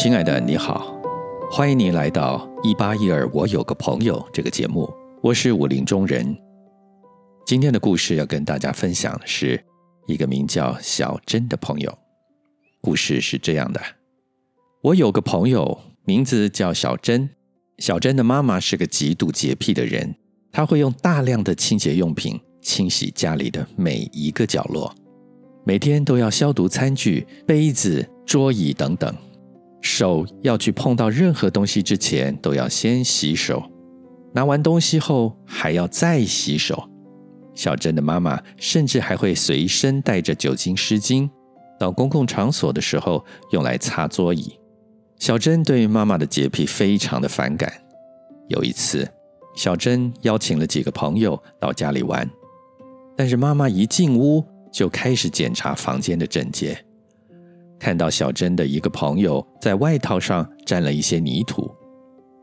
親愛的，你好，歡迎你來到《一八一二我有個朋友》這個節目，我是武林中人。今天的故事要跟大家分享的是一個名叫小珍的朋友。故事是這樣的：我有個朋友，名字叫小珍。小珍的媽媽是個極度潔癖的人，她會用大量的清潔用品清洗家裡的每一個角落，每天都要消毒餐具、杯子、桌椅等等。手要去碰到任何東西之前，都要先洗手；拿完東西後，還要再洗手。小珍的媽媽甚至還會隨身帶着酒精濕巾，到公共場所的時候用來擦桌椅。小珍對媽媽的潔癖非常的反感。有一次，小珍邀請了幾個朋友到家裡玩，但是媽媽一進屋就開始檢查房間的整潔。看到小珍的一個朋友在外套上沾了一些泥土，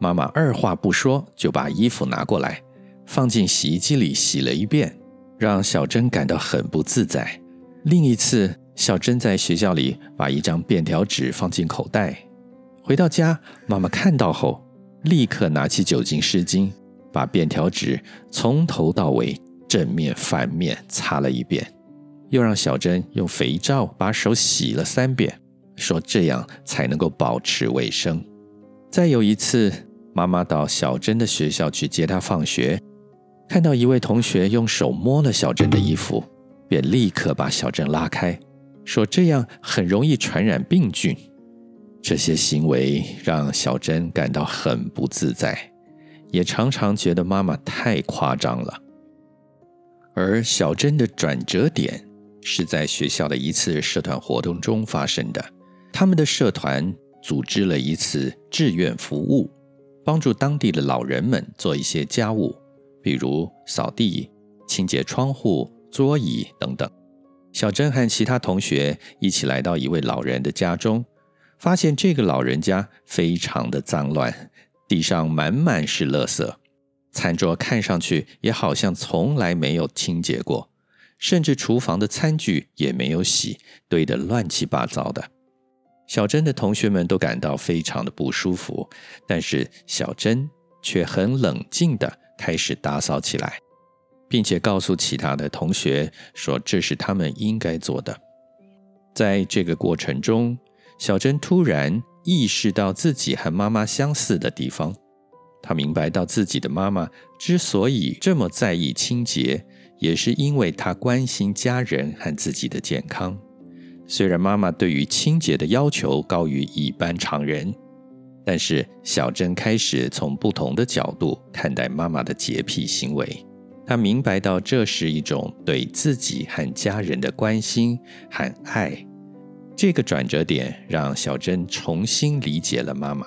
媽媽二話不說就把衣服拿過來，放進洗衣機裡洗了一遍，讓小珍感到很不自在。另一次，小珍在學校裡把一張便條紙放進口袋，回到家，媽媽看到後，立刻拿起酒精濕巾，把便條紙從頭到尾、正面反面擦了一遍。又讓小珍用肥皂把手洗了三遍，說這樣才能夠保持衛生。再有一次，媽媽到小珍的學校去接她放學，看到一位同學用手摸了小珍的衣服，便立刻把小珍拉開，說這樣很容易傳染病菌。這些行為讓小珍感到很不自在，也常常覺得媽媽太誇張了。而小珍的轉折點，是在學校的一次社團活動中發生的。他們的社團組織了一次志願服務，幫助當地的老人們做一些家務，比如掃地、清潔窗戶、桌椅等等。小珍和其他同學一起來到一位老人的家中，發現這個老人家非常的髒亂，地上滿滿是垃圾，餐桌看上去也好像從來沒有清潔過。甚至廚房的餐具也沒有洗，堆得亂七八糟的。小珍的同學們都感到非常的不舒服，但是小珍卻很冷靜地開始打掃起來，並且告訴其他的同學說：“這是他們應該做的。”在這個過程中，小珍突然意識到自己和媽媽相似的地方，她明白到自己的媽媽之所以這麼在意清潔。也是因為她關心家人和自己的健康。雖然媽媽對於清潔的要求高於一般常人，但是小珍開始從不同的角度看待媽媽的潔癖行為。她明白到這是一種對自己和家人的關心和愛。這個轉折點讓小珍重新理解了媽媽，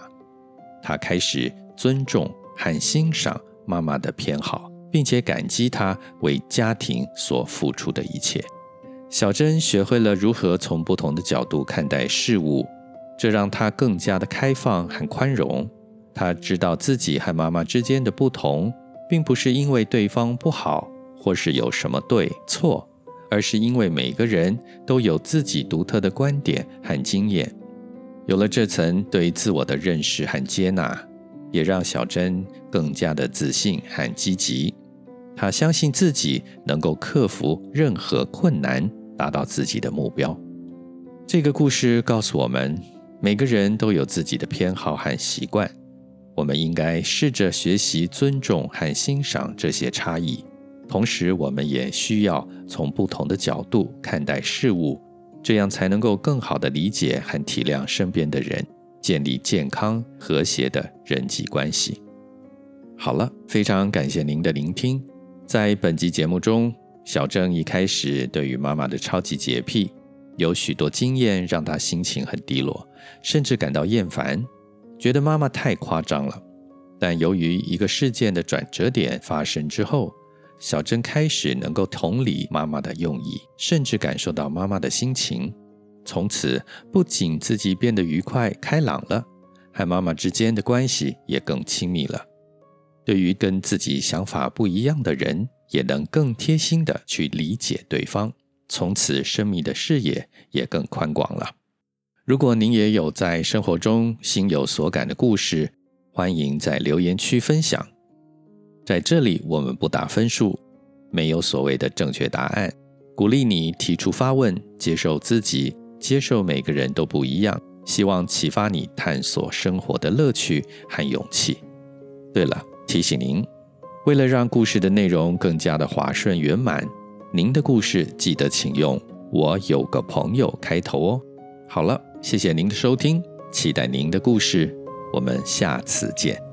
她開始尊重和欣賞媽媽的偏好。並且感激他為家庭所付出的一切。小珍學會了如何從不同的角度看待事物，這讓她更加的開放和寬容。她知道自己和媽媽之間的不同，並不是因為對方不好，或是有什麼對錯，而是因為每個人都有自己獨特的觀點和經驗。有了這層對自我的認識和接納，也讓小珍更加的自信和積極。他相信自己能夠克服任何困難，達到自己的目標。這個故事告訴我們，每個人都有自己的偏好和習慣，我們應該試着學習尊重和欣賞這些差異。同時，我們也需要從不同的角度看待事物，這樣才能夠更好地理解和體諒身邊的人，建立健康和諧的人際關係。好了，非常感謝您的聆聽。在本集節目中，小珍一開始對於媽媽的超級潔癖有許多經驗，讓她心情很低落，甚至感到厭煩，覺得媽媽太誇張了。但由於一個事件的轉折點發生之後，小珍開始能夠同理媽媽的用意，甚至感受到媽媽的心情。從此，不僅自己變得愉快開朗了，和媽媽之間的關係也更親密了。對於跟自己想法不一樣的人，也能更貼心的去理解對方，從此生命的視野也更寬廣了。如果您也有在生活中心有所感的故事，歡迎在留言區分享。在這裡，我們不打分數，沒有所謂的正確答案，鼓勵你提出發問，接受自己，接受每個人都不一樣。希望啟發你探索生活的樂趣和勇氣。對了。提醒您，為了讓故事的內容更加的滑順圓滿，您的故事記得請用“我有個朋友”開頭哦。好了，謝謝您的收聽，期待您的故事，我們下次見。